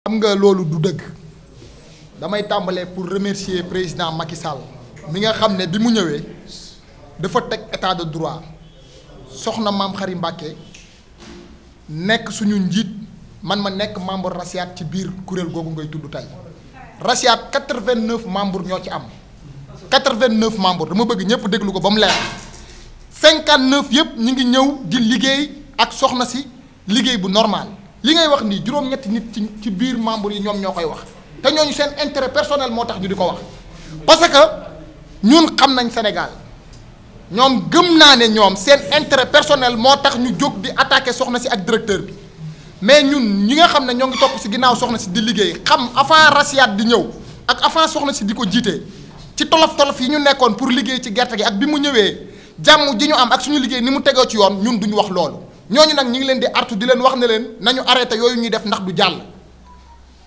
xam nga loolu du dëgg damay tàmbalee pour remercier président Macky Sall mi nga xam ne bi mu ñëwee dafa teg état de droit soxna maam Xari Mbàkke nekk suñu njiit man ma nekk membre RACIAT ci biir kuréel googu ngay tudd tey RACIAT 89 membres ñoo ci am 89 membres dama bëgg ñëpp déglu ko ba mu leer 59 yëpp ñu ngi ñëw di liggéey ak soxna si liggéey bu normal. li ngay wax nii juróom-ñetti nit ci ci biir membre yi ñoom ñoo koy wax te ñoo ñooñu seen intérêt personnel moo tax ñu di ko wax parce que ñun xam nañ Sénégal ñoom gëm naa ne ñoom seen intérêt personnel moo tax ñu jóg di attaquer soxna si ak directeur bi mais ñun ñi nga xam ne ñoo ngi topp si ginnaaw soxna si di liggéey xam avant rasiat di ñëw ak avant soxna si di ko jiite ci tolof-tolof yi ñu nekkoon pour liggéey ci gerte gi ak bi mu ñëwee jàmm ji ñu am ak suñu liggéey ni mu tegoo ci yoon ñun duñu wax loolu ñooñu nag ñu ngi leen di artu di leen wax na leen nañu arrêté yooyu ñuy def ndax du jàll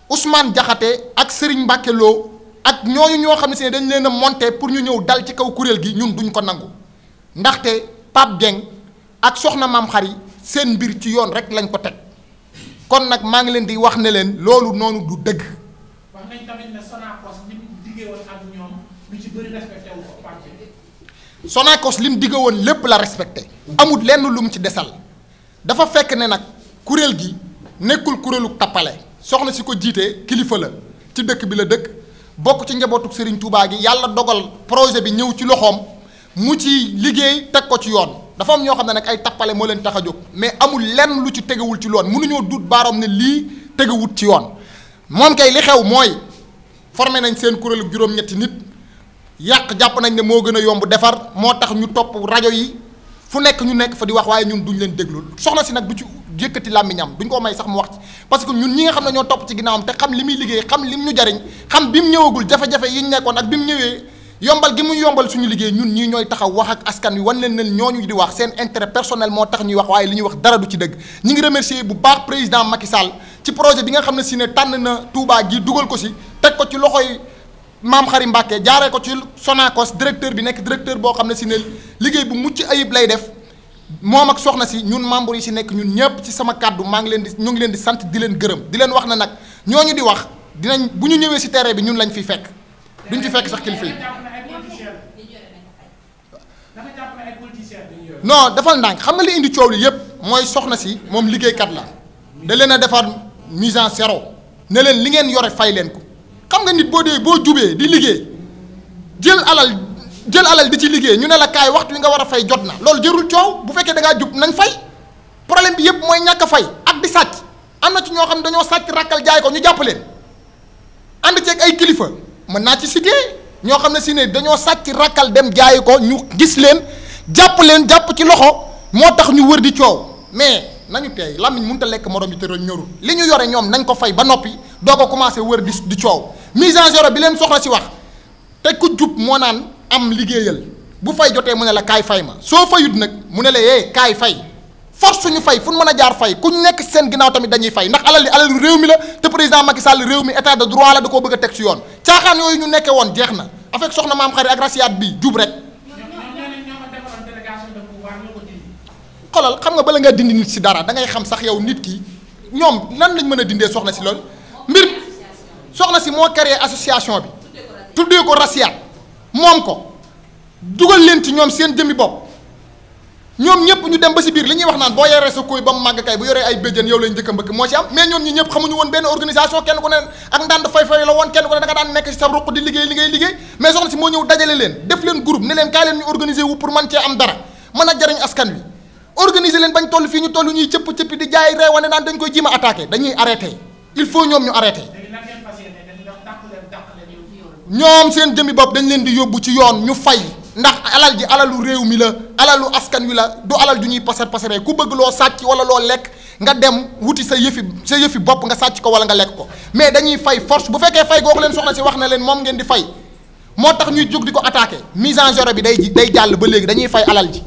usmaan Diakhaté ak sëriñ Mbacke Lo ak ñooñu ñoo xam ne si ne dañ leen a monté pour ñu ñëw dal ci kaw kuréel gi ñun duñ ko nangu ndaxte Pape Dieng ak soxna maam yi seen mbir ci yoon rek lañ ko teg kon nag maa ngi leen di wax ne leen loolu noonu du dëgg. wax nañ tamit li mu diggee woon lépp la respecté. amul lenn lu mu ci desal. dafa fekk ne nag kuréel gi nekkul kuréelu tappale soxna si ko jiitee kilifa la ci dëkk bi la dëkk bokk ci njabootu Serigne Touba gi yàlla dogal projet bi ñëw ci loxoom mu ci liggéey teg ko ci yoon dafa am ñoo xam ne nag ay tappale moo leen tax a jóg mais amul lenn lu ci tegewul ci loon mu mënuñoo duut baaroom ne lii tegewut ci yoon moom kay li xew mooy formé nañ seen kuréelu juróom-ñetti nit yàq jàpp nañ ne moo gën a yomb defar moo tax ñu topp rajo yi fu nekk ñu nekk fa di wax waaye ñun duñ leen déglu soxna si nag du ci yëkkati làmmiñam duñ ko may sax mu wax ci parce que ñun ñi nga xam ne ñoo topp ci ginnaawam te xam li muy liggéey xam lim ñu jariñ xam bi mu ñëwagul jafe-jafe yi ñu nekkoon ak bi mu ñëwee yombal gi mu yombal suñu liggéey ñun ñi ñooy taxaw wax ak askan wi wan leen ñoo ñu di wax seen intérêt personnel moo tax ñuy wax waaye li ñuy wax dara du ci dëgg ñi ngi remercier bu baax président Macky Sall ci projet bi nga xam ne si ne tànn na Touba gi dugal ko si teg ko ci loxoy maam xari Mbàkke jaaree ko ci Sonacos directeur bi nekk directeur boo xam ne si ne liggéey bu mucc ayib lay def moom ak soxna si ñun membre yi si nekk ñun ñëpp ci sama kàddu maa ngi leen di ñu ngi leen di sant di leen gërëm di leen wax na nag ñooñu di wax dinañ bu ñu ñëwee si terrain bi ñun lañ fiy fekk duñ fi fekk sax kilifa yi non dafal ndànk xam nga li indi coow li yëpp mooy soxna si moom liggéeykat la da leen a defar mise en zéro ne leen li ngeen yore fay leen ko xam nga nit boo dee boo jubee di liggéey jël alal jël alal di ci liggéey ñu ne la kaay waxtu wi nga war a fay jot na loolu jërul coow bu fekkee da jub nañ fay problème bi yëpp mooy ñàkk a fay ak di sàcc am na ci ñoo xam ne dañoo sàcc rakkal jaay ko ñu jàpp ànd ceeg ay kilifa mën naa ci cité ñoo xam ne si dañoo sàcc rakkal dem jaay ko ñu gis leen jàpp leen jàpp ci loxo moo tax ñu wër di coow mais nañu teey làmmiñ mënut a lekk morom ji te ñorul li ñu yore ñoom nañ ko fay ba noppi doo ko commencé wër di coow mise en zéro bi leen soxna si wax te ku jub moo naan am liggéeyal bu fay jotee mu ne la kaay fay ma soo fayut nag mu ne la yee eh kaay fay force suñu fay fu ñu mën a jaar fay ku nekk seen ginnaaw tamit dañuy fay ndax alal li alal réew mi la te président Macky Sall réew mi état de droit la da koo bëgg a teg si yoon caaxaan yooyu ñu nekkee woon jeex na avec soxna maam xari ak rasiyaat bi jub rek. xolal xam nga bala nga dindi nit si dara da ngay xam sax yow nit ki ñoom nan lañ mën a dindee soxna si loolu mbir soxna si moo créé association bi tuddee ko Rassiat moom ko dugal leen ci ñoom seen jëmmi bopp ñoom ñëpp ñu dem ba si biir li ñuy wax naan boo yoree sa kuy ba mu màgg kay bu yoree ay béjjén yow lañ njëkk a mbëkk moo ci am mais ñoom ñi ñëpp xamuñu woon benn organisation kenn ku ne ak ndànd fay-fay la woon kenn ku ne da daan nekk si sa ruq di liggéey liggéey liggéey mais soxna si moo ñëw dajale leen def leen groupe ne leen kaay leen ñu organiser wu a jariñ askan wi organiser leen bañ toll fii ñu toll ñuy cëpp cëppi di jaay reewane naan ñoom seen jëmmi bopp dañ leen di yóbbu ci yoon ñu fay ndax alal ji alalu réew mi la alalu askan wi la du alal ju ñuy pasar pasaree ku bëgg loo sàcc wala loo lekk nga dem wuti sa yëfi sa yëfi bopp nga sàcc ko wala nga lekk ko mais dañuy fay force bu fekkee fay googu leen soxna si wax na leen moom ngeen di fay moo tax ñuy jóg di ko attaqué mise en joro bi day day jàll ba léegi dañuy fay alal ji